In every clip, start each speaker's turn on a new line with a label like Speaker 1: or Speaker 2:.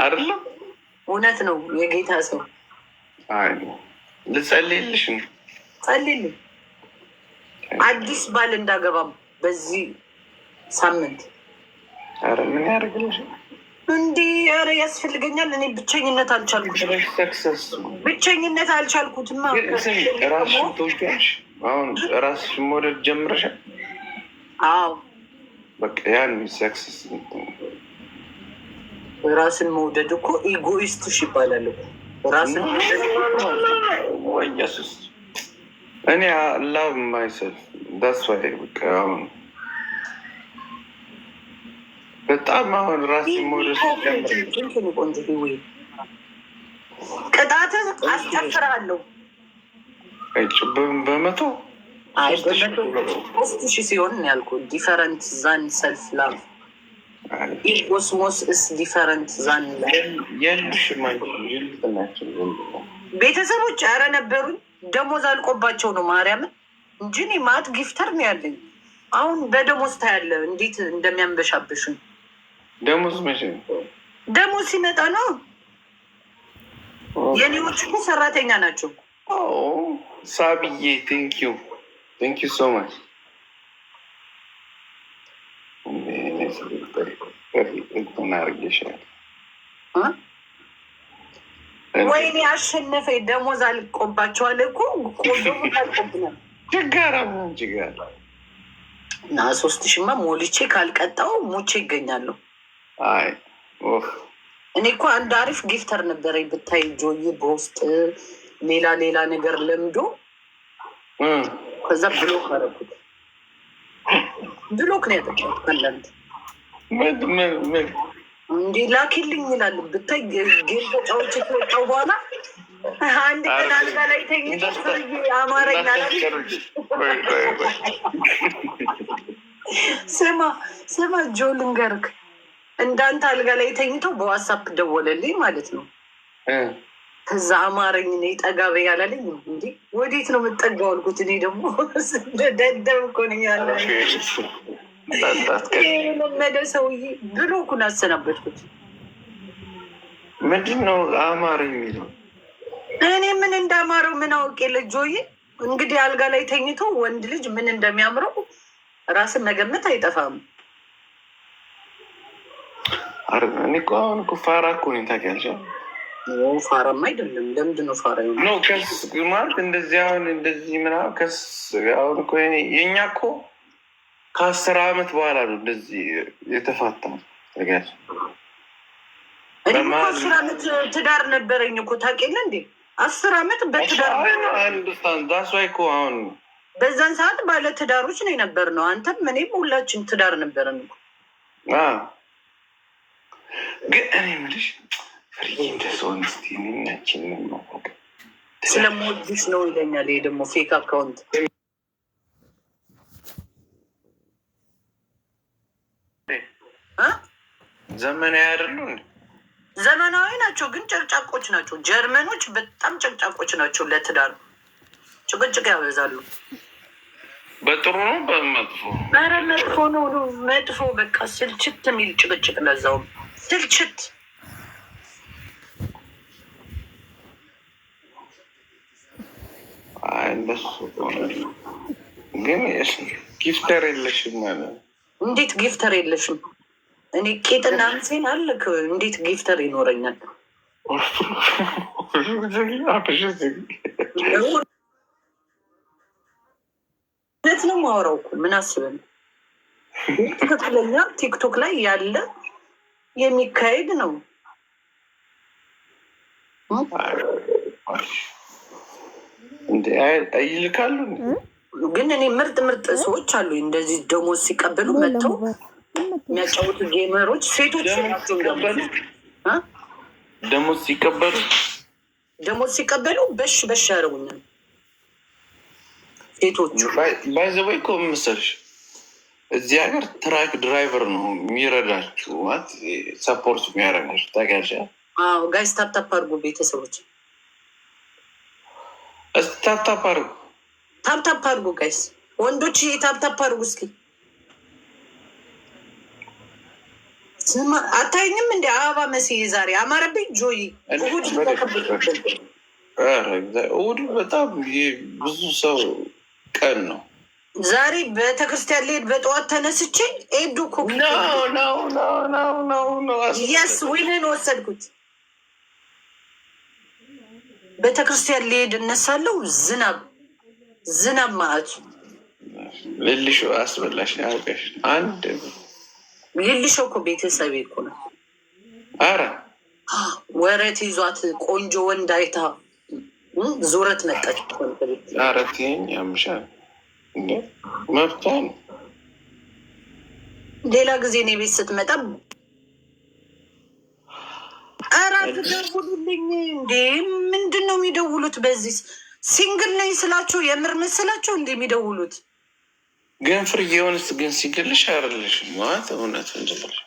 Speaker 1: አይደለም
Speaker 2: እውነት ነው። የጌታ ሰው
Speaker 1: ልጸልይልሽ ነው።
Speaker 2: ጸልይልኝ። አዲስ ባል እንዳገባ በዚህ ሳምንት።
Speaker 1: ኧረ ምን ያደርግልሽ?
Speaker 2: እንዲህ ኧረ ያስፈልገኛል። እኔ ብቸኝነት አልቻልኩትም፣ ብቸኝነት አልቻልኩትም።
Speaker 1: ራስሽን አሁን መውደድ ጀምረሻል። አዎ በቃ ያን ሰክሰስ
Speaker 2: ራስን መውደድ እኮ ኢጎይስትሽ ይባላል እኮ ራስን
Speaker 1: እኔ ላቭ ማይሰልፍ ዳስ ዋይ በቃ አሁን በጣም አሁን ራስ
Speaker 2: ቅጣት አስጨፍራለሁ። በመቶ ሶስት ሺህ ሲሆን ያልኩ ዲፈረንት ዛን ሰልፍ ላቭ ኮስሞስ እስ ዲፈረንት ዛን ቤተሰቦች ኧረ ነበሩኝ። ደሞዝ አልቆባቸው ነው ማርያምን እንጂ እኔ ማት ጊፍተር ነው ያለኝ። አሁን በደሞዝ ታያለ እንዴት እንደሚያንበሻብሹኝ
Speaker 1: ደሞዝ መቼ ነው?
Speaker 2: ደሞዝ ሲመጣ ነው። የኔዎች እኮ ሰራተኛ ናቸው።
Speaker 1: ሳብዬ ቴንኪዩ ቴንኪዩ ሶ ማች
Speaker 2: ወይኔ አሸነፈ። ደሞዝ አልቆባቸዋል እኮ
Speaker 1: ችጋራ ችጋራ
Speaker 2: ሶስት ሽማ ሞልቼ ካልቀጣው ሙቼ ይገኛለሁ። አይ እኔ እኮ አንድ አሪፍ ጊፍተር ነበረ ብታይ፣ ጆዬ በውስጥ ሌላ ሌላ ነገር ለምዶ ከዛ ብሎክ አደረኩት። ብሎክ ነው ያጠቀት ከላንድ እንዲ ላኪልኝ ይላል ብታይ፣ ጌም ተጫዎች ከወጣው በኋላ አንድ ቀን አልጋ ላይ ተኝቶ አማረኛ ስማ ስማ ጆ ልንገርክ እንዳንተ አልጋ ላይ ተኝቶ በዋትሳፕ ደወለልኝ ማለት ነው። ከዛ አማረኝ ነ ጠጋበ ያላለኝ እንዲ ወዴት ነው የምጠጋው አልኩት። እኔ ደግሞ ደደብ እኮ ነኝ ያለ የለመደ ሰውዬ ብሎኩን አሰናበትኩት።
Speaker 1: ምንድን ነው አማረኝ የሚለው?
Speaker 2: እኔ ምን እንዳማረው ምን አውቄ። ልጆዬ እንግዲህ አልጋ ላይ ተኝቶ ወንድ ልጅ ምን እንደሚያምረው ራስን መገመት አይጠፋም።
Speaker 1: እኔ እኮ አሁን እኮ ፋራ እኮ ነኝ ታውቂያለሽ።
Speaker 2: አይደለም። ለምንድን ነው ፋራ
Speaker 1: ነው? ከስ ማለት እንደዚህ አሁን እንደዚህ ምናምን ከስ አሁን እኮ የእኛ እኮ ከአስር አመት በኋላ ነው እንደዚህ የተፋታ ታውቂያለሽ።
Speaker 2: እኔ እኮ አስር ትዳር ነበረኝ እኮ ታውቂያለሽ። እንዴ አስር አመት በትዳር አሁን በዛን ሰዓት ባለ ትዳሮች ነው የነበር ነው። አንተም እኔም ሁላችን ትዳር ነበረን እኮ
Speaker 1: ግን እኔ የምልሽ ፍርዬ እንደሰውንስቲናችን
Speaker 2: ስለምወድሽ ነው ይለኛል። ይሄ ደግሞ ፌክ አካውንት
Speaker 1: ዘመናዊ አይደሉ?
Speaker 2: ዘመናዊ ናቸው፣ ግን ጨቅጫቆች ናቸው። ጀርመኖች በጣም ጨቅጫቆች ናቸው። ለትዳር ጭቅጭቅ ያበዛሉ።
Speaker 1: በጥሩ ነው በመጥፎ
Speaker 2: ኧረ መጥፎ ነው መጥፎ፣ በቃ ስልችት የሚል ጭቅጭቅ ለዛውም ድርጅት
Speaker 1: እንደሱ ግን ጊፍተር የለሽም ማለት
Speaker 2: እንዴት ጊፍተር የለሽም? እኔ ቄጥና ምሴን አልክ። እንዴት ጊፍተር ይኖረኛል? እውነት ነው የማወራው እኮ ምን አስበን ትክክለኛ ቲክቶክ ላይ ያለ የሚካሄድ ነው። ይልካሉ ግን እኔ ምርጥ ምርጥ ሰዎች አሉ እንደዚህ ደሞዝ ሲቀበሉ መጥተው የሚያጫወቱ ጌመሮች ሴቶች ደሞዝ ሲቀበሉ ደሞዝ ሲቀበሉ በሽ በሽ ያደርጉኛል ሴቶቹ ባይዘበይ እኮ መሰለሽ እዚህ ሀገር ትራክ ድራይቨር ነው የሚረዳችሁ፣ ሰፖርት የሚያደርጋችሁ ታጋሽ ጋይ ታፕታፕ አድርጉ ቤተሰቦች፣ ስታፕታፕ ታፕታፕ አድርጉ፣ ታፕታፕ አድርጉ ጋይስ፣ ወንዶች ታፕታፕ አድርጉ እስኪ። አታይኝም እንደ አበባ መስዬ ዛሬ አማረብኝ። ጆይ እሑድ በጣም ብዙ ሰው ቀን ነው። ዛሬ ቤተክርስቲያን ልሄድ በጠዋት ተነስቼ ኤዱ የስ ዊልን ወሰድኩት። ቤተክርስቲያን ልሄድ እነሳለሁ። ዝናብ ዝናብ ማለቱ ልልሾ አስበላሽ ያውቀሽ አንድ ልልሾ እኮ ቤተሰቤ እኮ ነው። አረ ወረት ይዟት ቆንጆ ወንድ አይታ ዙረት መጣች። አረት ያምሻል መፍቻ ነው። ሌላ ጊዜ እኔ ቤት ስትመጣ እራት ደውሉልኝ እንዴ! ምንድን ነው የሚደውሉት? በዚህ ሲንግል ነኝ ስላቸው የምር መሰላቸው እንዴ የሚደውሉት? ግን ግን ሲንግልሽ አይደለሽ ማለት እውነት ሲንግል ነኝ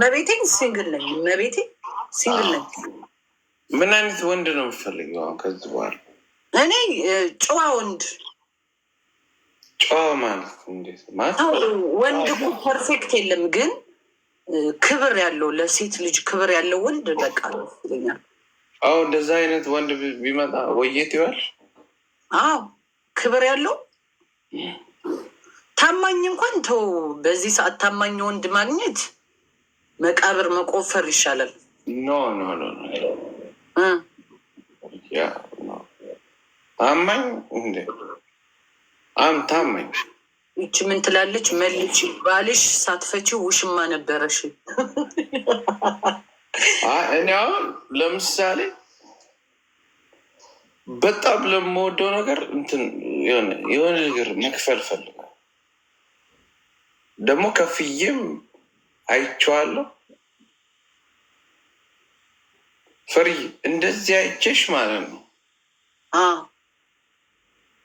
Speaker 2: መቤቴ ሲንግል ነኝ። ምን አይነት ወንድ ነው የምፈልገው ከዚህ በኋላ እኔ ጨዋ ወንድ ጨዋ ማለት ወንድ እኮ ፐርፌክት የለም፣ ግን ክብር ያለው ለሴት ልጅ ክብር ያለው ወንድ በቃ ይለኛል። አዎ እንደዛ አይነት ወንድ ቢመጣ ወየት ይዋል። አዎ ክብር ያለው ታማኝ እንኳን ተው። በዚህ ሰዓት ታማኝ ወንድ ማግኘት መቃብር መቆፈር ይሻላል። ኖ ኖ ኖ ታማኝ እንዴ አምታማኝ ይቺ ምን ትላለች? መልች ባልሽ ሳትፈች ውሽማ ነበረሽ። እኔ አሁን ለምሳሌ በጣም ለምወደው ነገር እንትን የሆነ ነገር መክፈል ፈልጋል። ደግሞ ከፍዬም አይቼዋለሁ። ፍሪ እንደዚህ አይቼሽ ማለት ነው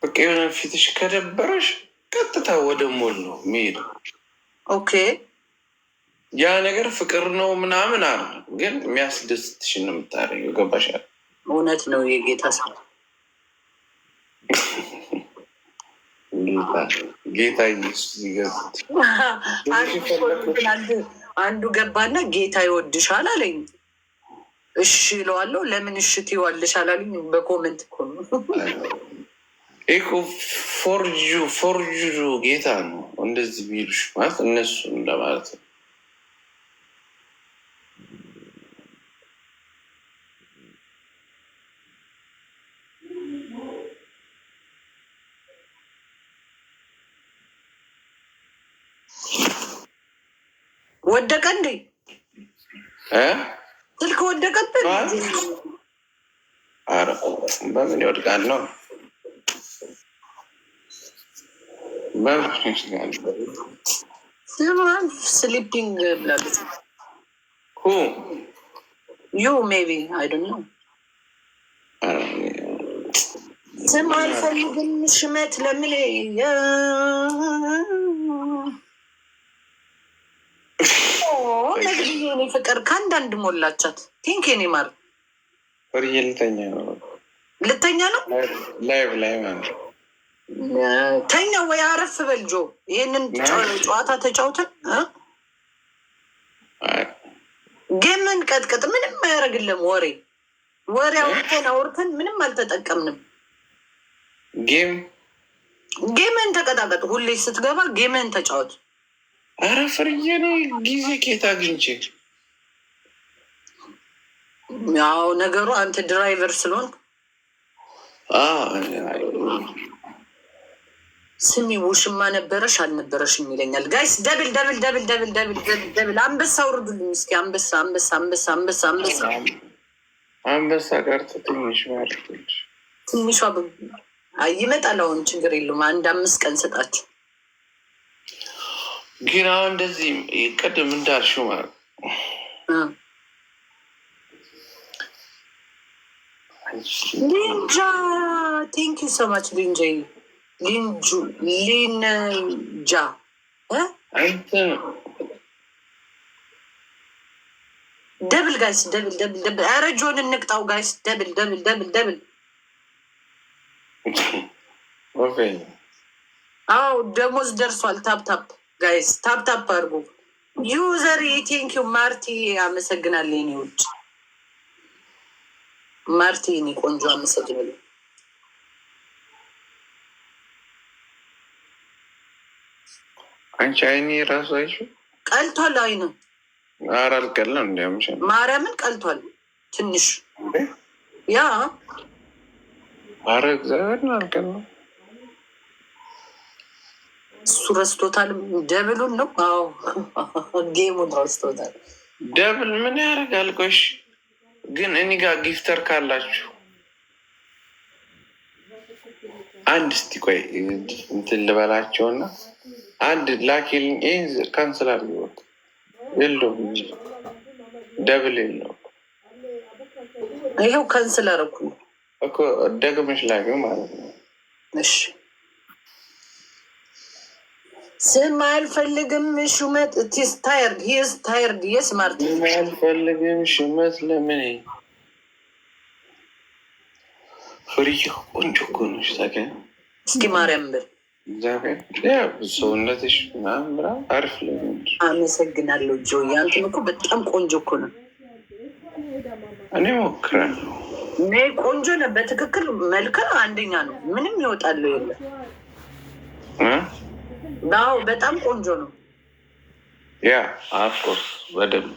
Speaker 2: በቃ የሆነ ፊትሽ ከደበረሽ ቀጥታ ወደ ሞል ነው የሚሄደው። ኦኬ ያ ነገር ፍቅር ነው ምናምን አለ፣ ግን የሚያስደስትሽን ነው የምታደርጊው። ገባሻል? እውነት ነው የጌታ ሰው ጌታ ኢየሱስ አንዱ ገባና ጌታ ይወድሻል አለኝ። እሺ እለዋለሁ። ለምን እሽት ይዋልሻል አለኝ። በኮመንት እኮ ነው ይህ ፎርጁ ፎርጁ ጌታ ነው። እንደዚህ ቢሉሽ ማለት እነሱ እንደማለት ነው። ወደቀ እንዴ? ስልክ ወደቀብን። ኧረ በምን ይወድቃል ነው ስሊፒንግ ብላለች። ዩ ሜይ ቢ አይ ዶንት ስም አልፈልግም። ሽመት ለምል ነግኔ ፍቅር ከአንዳንድ ሞላቻት ቲንክ ማር ልተኛ ነው ልተኛ ነው ላይቭ ላይ ማለት ነው ተኛ ወይ አረፍ በልጆ ይህንን ጨዋታ ተጫውተን ጌምን ቀጥቀጥ ምንም አያደርግልም። ወሬ ወሬ አውርተን አውርተን ምንም አልተጠቀምንም። ጌም ጌምን ተቀጣቀጥ። ሁሌ ስትገባ ጌምን ተጫወት። አረ ፍርዬ ጊዜ ኬት አግኝቼ ያው ነገሩ አንተ ድራይቨር ስለሆን ስሚ ውሽማ ነበረሽ አልነበረሽ ይለኛል። ጋይስ ደብል ደብል ደብል ደብል ደብል ደብል ደብል አንበሳ አውርዱልኝ እስኪ አንበሳ አንበሳ አንበሳ አንበሳ አንበሳ አንበሳ ጋር ትንሽ ማርቶች ትንሿ ይመጣል። አሁን ችግር የለውም። አንድ አምስት ቀን ሰጣችሁ። ግን አሁን እንደዚህ ቅድም እንዳልሽው ማለት ሊንጃ ቴንክ ዩ ሶ ማች ሊንጃ ሊንጁ ሊንጃ ደብል ጋይስ ደብል ደብል ደብል። ኧረ ጆን እንቅጣው ጋይስ ደብል ደብል ደብል ደብል። አዎ ደሞዝ ደርሷል። ታፕታፕ ጋይስ ታፕታፕ አድርጎ ዩዘር ቴንኪዩ ማርቲ አመሰግናለሁ። ኔ ውጭ ማርቲ ኔ ቆንጆ አመሰግናለሁ። አንቺ አይኒ ራሱ አይሽ ቀልቷል። አይነ ኧረ አልቀለም። እንዲያምሽ ማርያምን ቀልቷል ትንሽ ያ ኧረ እግዚአብሔርን አልቀለም። እሱ ረስቶታል። ደብሉን ነው። አዎ ጌሙን ረስቶታል። ደብል ምን ያደርጋል? ቆሽ ግን እኔ ጋር ጊፍተር ካላችሁ አንድ እስቲ ቆይ እንትን ልበላቸውና አንድ ላኪልኝ። ይህ ካንስል ቢሆን የለውም እንጂ ደብል የለው። ይኸው ካንስል አደረኩ እኮ ደግመሽ ላኪ ማለት ነው። እሺ ስም አልፈልግም። ሹመት ኢትስ ታየርድ ሂስ ታየርድ የስ ማርት አልፈልግም። ሹመት ለምን ፍሪ ቆንጆ እኮ ነሽ። እስኪ ማርያም ብል ሰውነትሽ አሪፍ አመሰግናለሁ። ጆ ያንተም እኮ በጣም ቆንጆ እኮ ነው። እኔ ሞክራለሁ። እኔ ቆንጆ ነው በትክክል መልክ አንደኛ ነው። ምንም ይወጣለሁ የለ ው በጣም ቆንጆ ነው። ያ አፍቆስ በደምብ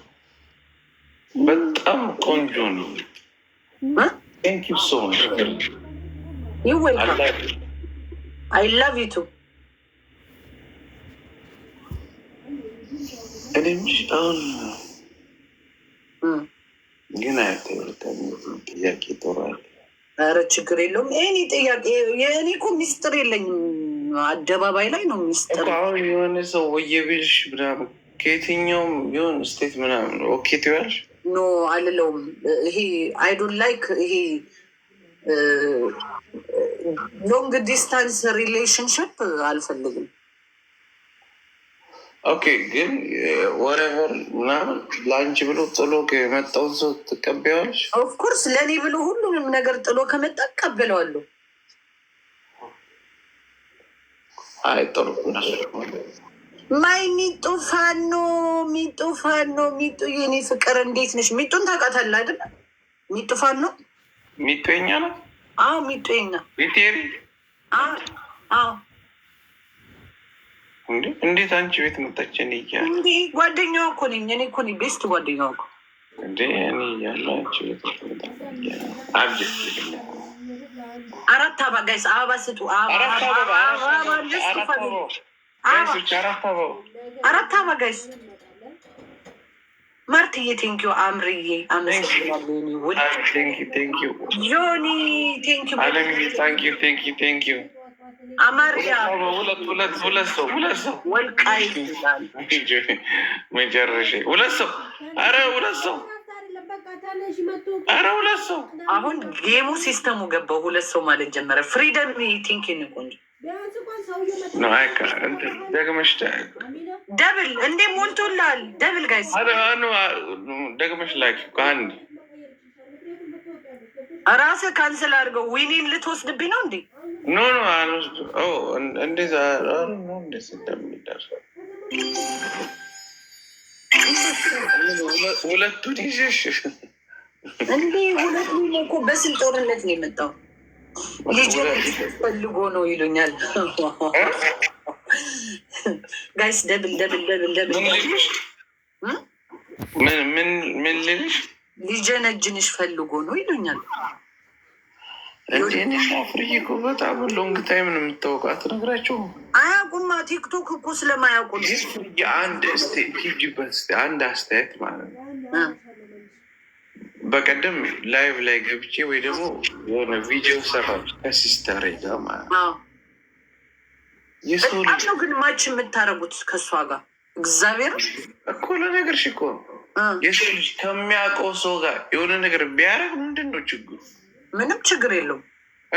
Speaker 2: በጣም ቆንጆ ነው። ቴንክ ዩ ሶ ማች ይወልካል አይ ላቭ ዩ ቱ ግን ጥያቄ ጦራል። ኧረ ችግር የለውም። ይህኔ ጥያቄ የእኔ እኮ ሚስጥር የለኝም። አደባባይ ላይ ነው ሚስጥር። አሁን የሆነ ሰው ምናምን ከየትኛውም ስቴት ምናምን ኦኬ ትያለሽ? ኖ አልለውም። ይሄ አይዶን ላይክ ይሄ ሎንግ ዲስታንስ ሪሌሽንሽፕ አልፈልግም። ኦኬ ግን ወሬቨር ምናምን ለአንቺ ብሎ ጥሎ የመጣውን ሰው ትቀበያለሽ? ኦፍኮርስ ለእኔ ብሎ ሁሉንም ነገር ጥሎ ከመጣ እቀበለዋለሁ። አይ ጥሩ ማይ ሚጡ ፋኖ ሚጡ ፋኖ ሚጡ የኔ ፍቅር እንዴት ነሽ? ሚጡን ታውቃታለህ አይደለ? ሚጡ ፋኖ ሚጡ የኛ ነው። ሚጤኛ ሚጤሪ እንዴ! እንዴት አንቺ ቤት መጣች? እኔ እያለ እንዴ! ጓደኛዋ እኮ ነኝ። እኔ እኮ ነኝ ቤስት ጓደኛዋ እኮ እንዴ! እኔ እያለ አንቺ ቤት አብጀት አራት አበባ ጋይስ፣ አበባ ስጡ። አራት አበባ ጋይስ ማርትዬ ቴንኪው፣ አምርዬ ዮኒ ቴንኪው፣ አማርያ ሁለት ሰው ሁለት ሰው ወልቃይ መጨረሻ ሁለት ሰው አረ ሁለት ሰው አረ ሁለት ሰው። አሁን ጌሙ ሲስተሙ ገባው። ሁለት ሰው ማለት ጀመረ። ፍሪደም ቲንኪን ቆንጆ ደግመሽ ደብል እንዴ ሞልቶላል። ደብል ጋይስ ደግመሽ ላይክ ከአንድ ራስ ካንስል አድርገው ዊኒን ልትወስድብኝ ነው እንዴ? ኖ ኖ እንደዛ ሁለቱን ሁለት ዊኒ እኮ በስል ጦርነት ነው የመጣው። ልጅ ፈልጎ ነው ይሉኛል ጋይስ ደብል ደብል ደብል ደብል ምን ምን ልልሽ ሊጀነጅንሽ ፈልጎ ነው ይሉኛል። እኔ ፍርዬ እኮ በጣም ሎንግ ታይም ነው የምታወቃት። ነግራቸው አያውቁማ። ቲክቶክ እኮ ስለማያውቁ አንድ አንድ አስተያየት ማለት ነው። በቀደም ላይቭ ላይ ገብቼ ወይ ደግሞ የሆነ ቪዲዮ ሰራች ከሲስተር ጋር ማለት ነው በጣም ነው ግን ማች የምታደርጉት ከእሷ ጋር እግዚአብሔር እኮ ለነገርሽ እኮ የሰው ልጅ ከሚያውቀው ሰው ጋር የሆነ ነገር ቢያደርግ ምንድን ነው ችግሩ? ምንም ችግር የለውም።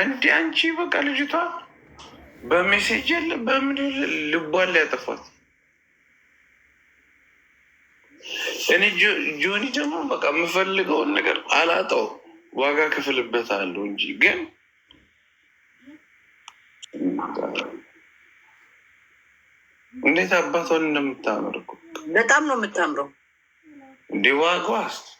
Speaker 2: እንዲ አንቺ በቃ ልጅቷ በሜሴጅ ያለ በምን ልቧን ሊያጠፏት እኔ ጆኒ ደግሞ በቃ የምፈልገውን ነገር አላጣው ዋጋ አለው እንጂ ግን እንዴት አባቷን እንደምታምር በጣም ነው የምታምረው እንዲህ